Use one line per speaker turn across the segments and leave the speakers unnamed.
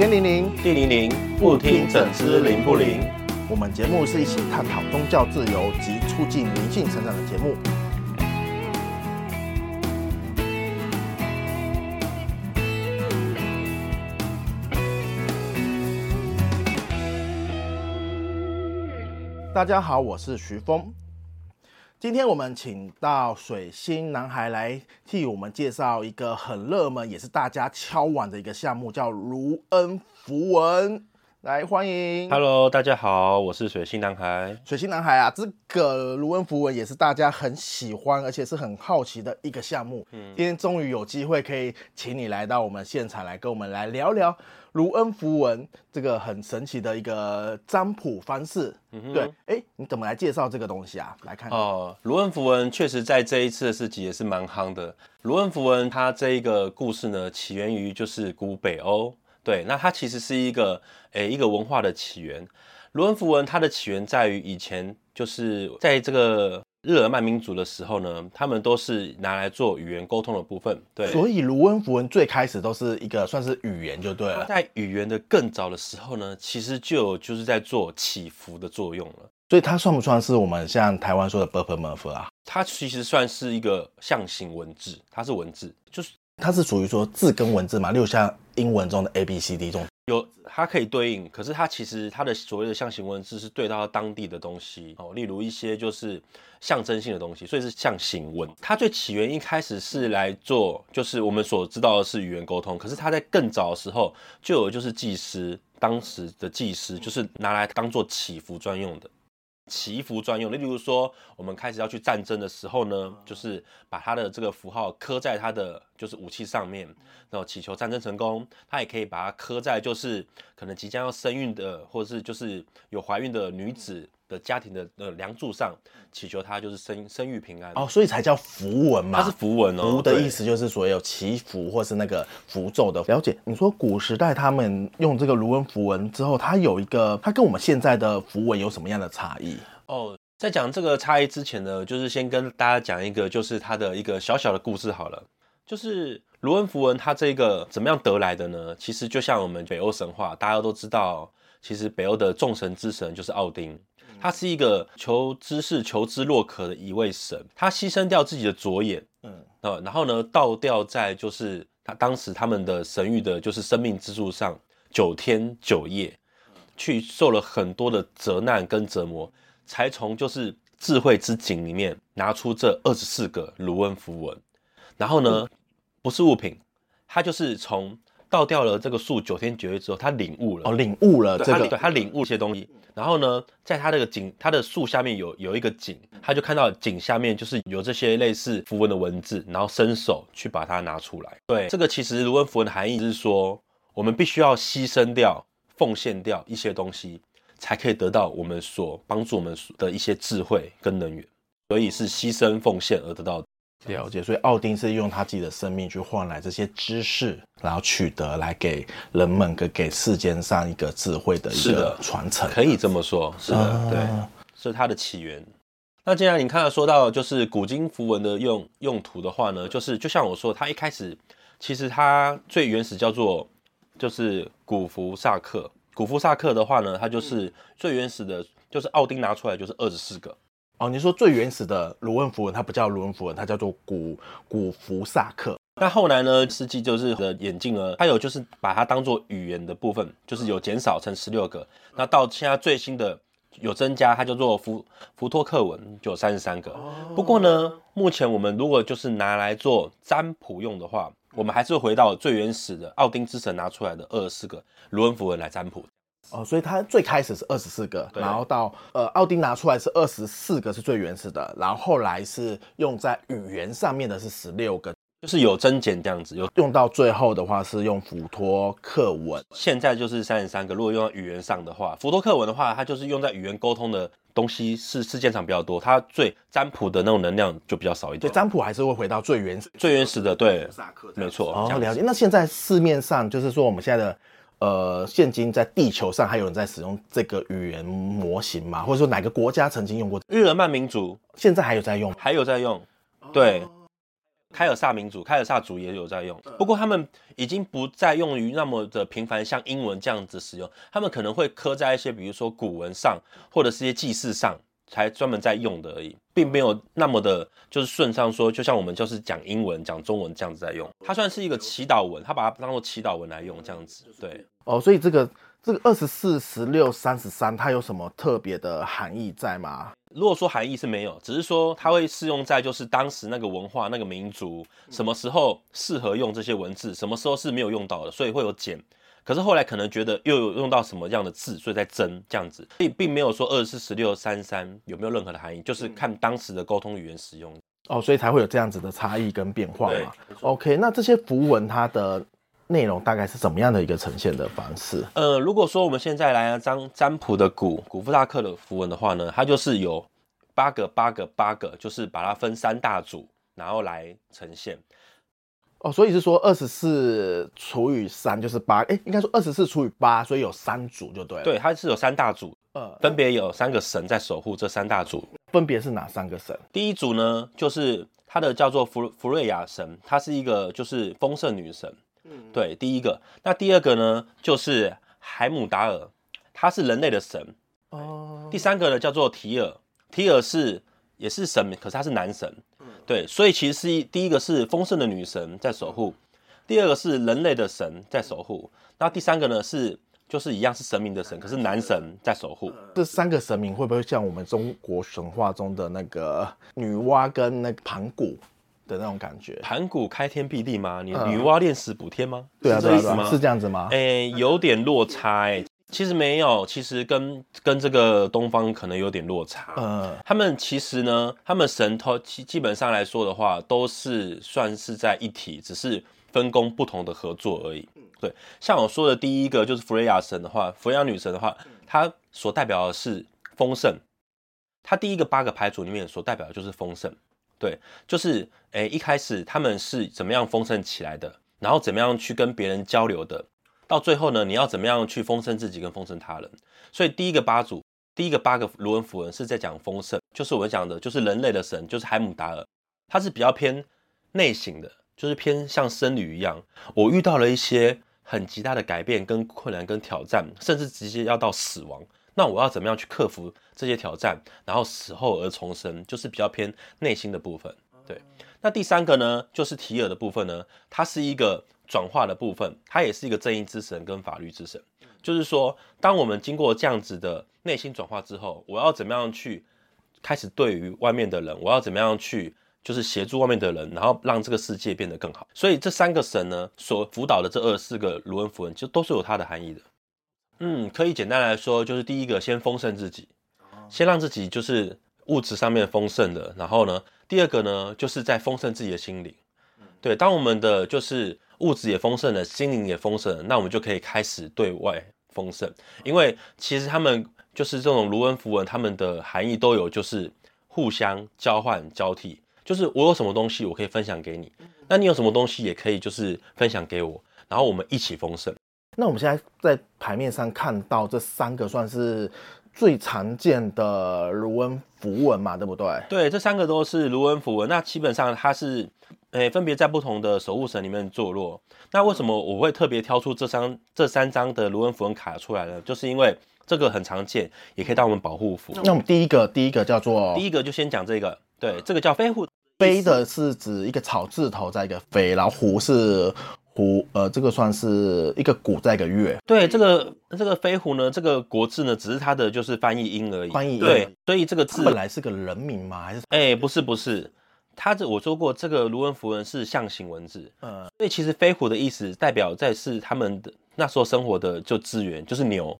天靈靈，地靈靈，不聽怎知靈不靈？
我們節目是一起探討宗教自由及促進靈性成長的節目。大家好，我是徐峰。今天我們請到水星男孩來替我們介紹一個很熱門，也是大家敲碗的一個項目叫，叫盧恩符文。來歡迎，Hello，
大家好，我是水星男孩。
水星男孩啊，這個盧恩符文也是大家很喜歡，而且是很好奇的一個項目。嗯，今天終於有機會可以請你來到我們現場來跟我們來聊聊盧恩符文這個很神奇的一個占卜方式。嗯哼，對，哎，你怎麼來介紹這個東西啊？來看看。哦，
盧恩符文確實在這一次的市集也是蠻夯的。盧恩符文它這一個故事呢，起源於就是古北歐。對，那它其實是一個，誒，一個文化的起源。盧恩符文它的起源在於以前就是在這個日耳曼民族的時候呢，他們都是拿來做語言溝通的部分。對，所以盧恩符文最開始都是一個算是語言就對了。在語言的更早的時候呢，其實就有就是在做祈福的作用
了。所以它算不算是我們像台灣說的 b u r r murph” 啊？
它其實算是一個象形文字，它是文字，就是。
它是屬於說字跟文字嘛，例如像英文中的 A B C D 中
有它可以對應，可是它其實它的所謂的象形文字是對到它當地的東西哦，例如一些就是象徵性的東西，所以是象形文。它最起源一開始是來做就是我們所知道的是語言溝通，可是它在更早的時候就有，就是祭司，當時的祭司就是拿來當做祈福專用的。祈福專用，你比如說，我們開始要去戰爭的時候呢，就是把他的這個符號刻在他的就是武器上面，然後祈求戰爭成功。他也可以把它刻在就是可能即將要生育的，或者是就是有懷孕的女子。的家庭的呃梁柱上祈求他就是生生育平安哦，所以
才叫符文嘛，它是符文哦，符的意思就是說有祈福或是那個符咒的。了解，你說古時代他們用這個盧恩符文之後，它有一個，它跟我們現在的符文有什麼樣的差異？
哦，在講這個差異之前呢，就是先跟大家講一個，就是它的一個小小的故事好了。就是盧恩符文它這個怎麼樣得來的呢？其實就像我們北歐神話，大家都知道，其實北歐的眾神之神就是奧丁。他是一個求知識、求知若渴的一位神，他犧牲掉自己的左眼，嗯，呃、然後呢，倒吊在就是他當時他們的神域的，就是生命之柱上，嗯、九天九夜，去受了很多的折難、跟折磨，才從就是智慧之井裡面拿出這二十四個盧恩符文，然後呢、嗯，不是物品，他就是從。倒掉了這個樹九天九夜之後，他領悟了哦，領悟了，對，這個，他領，領悟一些東西。然後呢，在他這個井，他的樹下面有有一個井，他就看到井下面就是有這些類似符文的文字，然後伸手去把它拿出來。對，這個其實盧恩符文的含義就是說，我們必須要犧牲掉、奉獻掉一些東西，才可以得到我們所幫助我們的一些智慧跟能源，所以是犧牲奉獻而得到的。了解，所以奧丁是用他自己的生命去換來這些知識，然
後取得來給人們個給世間上一個智慧的一個傳承，可以
這麼說，是的，啊、對，是它的起源。那既然你看到說到就是古今符文的用用途的話呢，就是就像我說，它一開始其實它最原始叫做就是古福薩克，古福薩克的話呢，它就是最原始的，就是奧丁拿出來就是二十四個。
哦，你說最原始的盧恩符文，它不叫
盧恩符文，它叫做古古福薩克。那後來呢，世紀就是的演進呢，它有就是把它當做語言的部分，就是有減少成十六個。那到現在最新的有增加，它叫做福福托克文，就有三十三個。不過呢，目前我們如果就是拿來做占卜用的話，我們還是回到最原始的奧丁之神拿出來的二十四個盧恩符文來占卜。
哦，所以它最開始是二十四個對對，然後到呃，奧丁拿出來是二十四個是最原始的，然後後來是用在語言上面的是十六個，就是有增減這樣子。有用到最後的話是
用福托克文，現在就是三十三個。如果用在語言上的話，福托克文的話，它就是用在語言溝通的東西是事件上比較多，它最占卜的那種能量就比較少一點。對，占卜還是會回到最原始、最原始的對。沒錯哦。哦，
了解。那現在市面上就是說我們現在的。呃，現今在地球上還有人在使用這個語言模型嗎？或者說哪個國家曾經用過、這個、日耳曼民族？現在還有在用？
還有在用。哦、對，凱爾薩民族，凱爾薩族也有在用，不過他們已經不再用於那麼的頻繁，像英文這樣子使用，他們可能會刻在一些，比如說古文上，或者是一些記事上，才專門在用的而已，並沒有那麼的，就是順暢說，就像我們就是講英文、講中文這樣子在用。它算是一個祈禱文，它把它當做祈禱文來用這樣子。對，
哦，所以這個這個二十四、十六、三十三，它有什麼特別的含義在嗎？
如果說含義是沒有，只是說它會適用在就是當時那個文化、那個民族什麼時候適合用這些文字，什麼時候是沒有用到的，所以會有減。可是後來可能覺得又有用到什麼樣的字，所以在爭這樣子，所以並沒有說二十四、十六、三十三有沒有任何的含義，就是看當時的溝通語言使用
哦，所以才會有這樣子的差異跟變化嘛。對，OK，那這些符文它的內容大概是怎麼樣的一個呈現的方式？
呃，如果說我們現在來講、啊、占卜的古古夫薩克的符文的話呢，它就是有八個八個八個，就是把它分三大組，然後來呈現。
哦，所以是說二十四除以三就是八，哎，應該說二十四除以八，所以有三組就對。對，
它是有三大組，呃、嗯，分別有三個神在守護這三大組，
分別是哪三個神？
第一組呢，就是它的叫做弗弗瑞亞神，它是一個就是豐盛女神，嗯，對，第一個。那第二個呢，就是海姆達爾，他是人類的神。哦、嗯。第三個呢，叫做提爾，提爾是也是神，可是他是男神。對，所以其實是一第一個是豐盛的女神在守護，第二個是人類的神在守護，那第三個呢，是就是一樣是神明的神，可是男神在守護。
這三個神明會不會像我們中國神話中的那個女媧跟那個盤古的那種感覺？
盤古開天闢地嗎？女媧煉石補天嗎？嗯，對啊，對啊，對啊，對啊，對啊，是這樣子嗎？哎，欸，有點落差，欸。嗯。其實沒有，其實跟跟這個東方可能有點落差。嗯，他們其實呢，他們神祇基基本上來說的話，都是算是在一體，只是分工不同的合作而已。嗯，對。像我說的第一個就是弗蕾雅神的話，弗蕾雅女神的話，她所代表的是豐盛。她第一個八個牌組裡面所代表的就是豐盛，對，就是誒、欸、一開始他們是怎麼樣豐盛起來的，然後怎麼樣去跟別人交流的。到最後呢，你要怎麼樣去豐盛自己跟豐盛他人？所以第一個八組，第一個八個盧恩符文是在講豐盛，就是我們講的，就是人類的神，就是海姆達爾，他是比較偏內省的，就是偏像僧侶一樣。我遇到了一些很極大的改變跟困難跟挑戰，甚至直接要到死亡，那我要怎麼樣去克服這些挑戰，然後死後而重生，就是比較偏內心的部分。對，那第三個呢，就是提爾的部分呢，他是一個。轉化的部分，它也是一個正義之神跟法律之神。就是說，當我們經過這樣子的內心轉化之後，我要怎麼樣去開始對於外面的人，我要怎麼樣去就是協助外面的人，然後讓這個世界變得更好。所以這三個神呢，所輔導的這二十四個盧恩符文，就都是有它的含義的。嗯，可以簡單來說，就是第一個先豐盛自己，先讓自己就是物質上面豐盛的。然後呢，第二個呢，就是再豐盛自己的心靈。對，當我們的就是。物質也豐盛了，心靈也豐盛了，那我們就可以開始對外豐盛。因為其實他們就是這種盧恩符文，他們的含義都有，就是互相交換、交替。就是我有什麼東西，我可以分享給你；那你有什麼東西，也可以就是分享給我。然後我們一起豐盛。
那我們現在在牌面上看到，這三個算是最常見的盧恩符文嘛？對不對？
對，這三個都是盧恩符文。那基本上它是。哎，分別在不同的守護神裡面坐落。那為什麼我會特別挑出這張、這三張的盧恩符文卡出來呢？就是因為這個很常見，也可以當我們保護符。那我們第一
個，第一個叫做……第一
個就先講這個。對，這個叫飛虎。飛的是指一個草字頭，在一個
飛，然後虎是虎，呃，這個算是一個古，在一個月。
對，這個這個飛虎呢，這個國字呢，只是它的就是翻譯音而已。翻譯音。對，所以這個字本來是個人名嗎？還是？哎，不是，不是。它這我說過，這個盧恩符文是象形文字，嗯，所以其實飛虎的意思代表在是他們的那時候生活的就資源就是牛，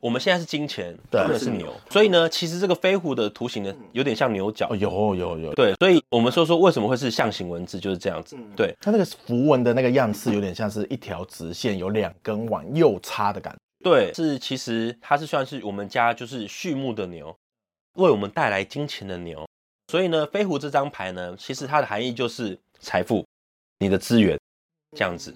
我們現在是金錢，對，他們是，是牛，所以呢，其實這個飛虎的圖形呢有點像牛角，有有有，對，所以我們說說為什麼會是象形文字就是這樣子，嗯、對，
它那個符文的那個樣式有點像是一條直線，有兩根往右插的感覺，
對，是其實它是算是我們家就是畜牧的牛，為我們帶來金錢的牛。所以呢，飛狐這張牌呢，其實它的含義就是財富、你的資源，這樣子，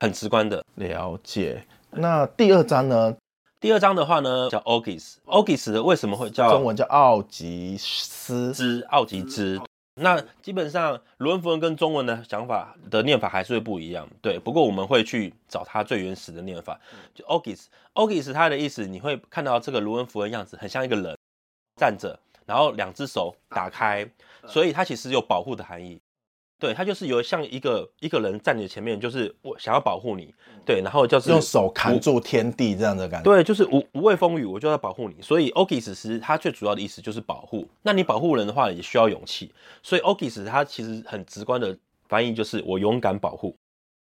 很直觀的了解。
那第二張呢？
第二張的話呢，叫 Ogis，Ogis 為什麼會叫中文叫奧吉斯之奧吉之，吉之？那基本上，盧恩符文跟中文的想法的念法還是會不一樣。對，不過我們會去找它最原始的念法，嗯、就 Ogis，Ogis 它的意思，你會看到這個盧恩符文樣子很像一個人站着。然後兩隻手打開，所以它其實有保護的含義。對，它就是有像一個一個人站你的前面，就是我想要保護你。對，然後就是用手扛住
天地這樣的感覺。對，
就是無無畏風雨，我就要保護你。所以 o k i s 它最主要的意思就是保護。那你保護人的話，也需要勇氣。所以 o k i s 它其實很直觀的翻譯就是我勇敢保護。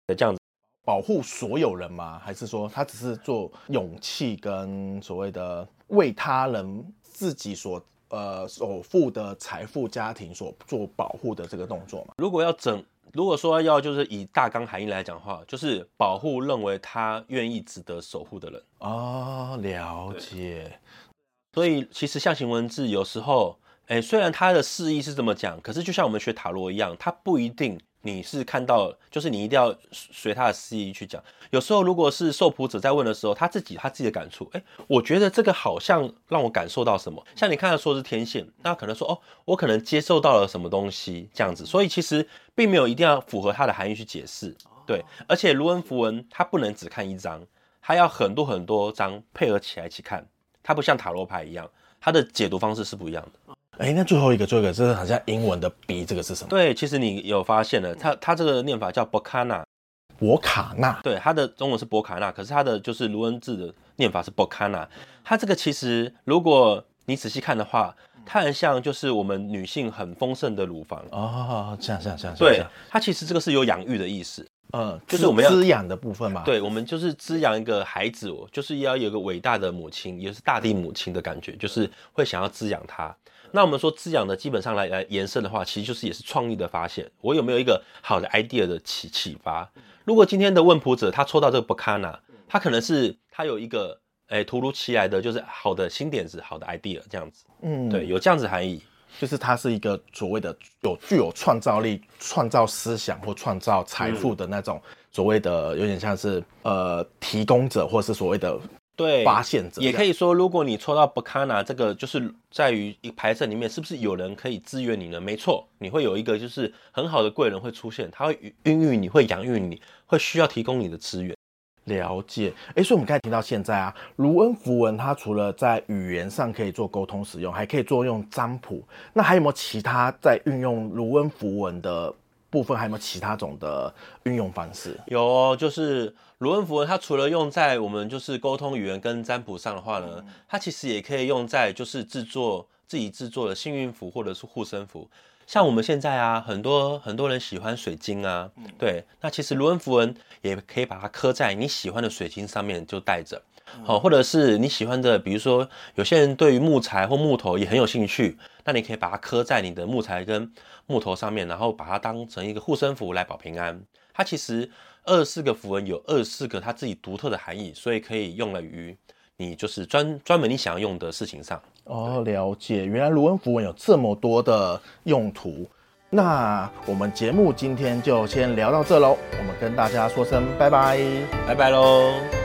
這樣子，保護
所有人嗎？還是說他只是做勇氣跟所謂的為他人自己所呃，守護的財富家庭所做保護的這個動作嘛，
如果要整，如果說要就是以大綱含義來講的話，就是保護認為他願意值得守護的人啊、哦，了解。所以其實象形文字有時候，哎、欸，雖然它的釋義是這麼講，可是就像我們學塔羅一樣，它不一定。你是看到，就是你一定要隨他的心意去講。有時候如果是受卜者在問的時候，他自己他自己的感觸，哎、欸，我覺得這個好像讓我感受到什麼。像你看的說是天線，那可能說哦，我可能接受到了什麼東西這樣子。所以其實並沒有一定要符合它的含義去解釋，對。而且盧恩符文它不能只看一張，他要很多很多張配合起來一起看。它不像塔羅牌一樣，它的解讀方式是不一樣的。
哎，那最後一個，最後一個，這個好像英文的
“B”，這個是什麼？對，其實你有發現了，它它這個念法叫“博卡納”，
博卡納。
對，它的中文是“博卡納”，可是它的就是盧恩字的念法是“博卡納”。它這個其實，如果你仔細看的話，它很像就是我們女性很豐盛的乳房。哦，這樣這樣這樣。對，它其實這個是有養育的意思，嗯，就是我們要滋養的部分嘛。對，我們就是滋養一個孩子哦，就是要有一個偉大的母親，也、就是就是大地母親的感覺，嗯、就是會想要滋養她。那我們說滋養的，基本上來來延伸的話，其實就是也是創意的發現。我有沒有一個好的 idea 的啟啟發？如果今天的問卜者他抽到這個 Berkana，他可能是他有一個誒突如其來的就是好的新點子、好的 idea 這樣子。嗯，對，有這樣子含義，就是它是一個所謂的有具
有創造力、創造思想或創造財富的那種、嗯、所謂的有點像是呃提供者或是所謂的。
對，發現者也可以說，如果你抽到 Berkana 這個，就是在於一個牌陣裡面，是不是有人可以支援你呢？沒錯，你會有一個就是很好的貴人會出現，他會孕育你，會養育你，會需要提供你的資
源。了解，哎、欸，所以我們剛才聽到現在啊，盧恩符文它除了在語言上可以做溝通使用，還可以作用占卜。那還有沒有其他在運用盧恩符文的？部分還有沒有其他種的運用方式？
有、哦，就是盧恩符文，它除了用在我們就是溝通語言跟占卜上的話呢，嗯、它其實也可以用在就是製作自己製作的幸運符或者是護身符。像我們現在啊，很多很多人喜歡水晶啊，嗯、對，那其實盧恩符文也可以把它刻在你喜歡的水晶上面就帶着，好、嗯，或者是你喜歡的，比如說有些人對於木材或木頭也很有興趣，那你可以把它刻在你的木材跟。木頭上面，然後把它當成一個護身符來保平安。它其實二十四個符文有二十四個它自己獨特的含義，所以可以用了於你就是專專門你想要用的事情上。
哦，了解，原來盧恩符文有這麼多的用途。那我們節目今天就先聊到這嘍，我們跟大家說聲拜拜，
拜拜嘍。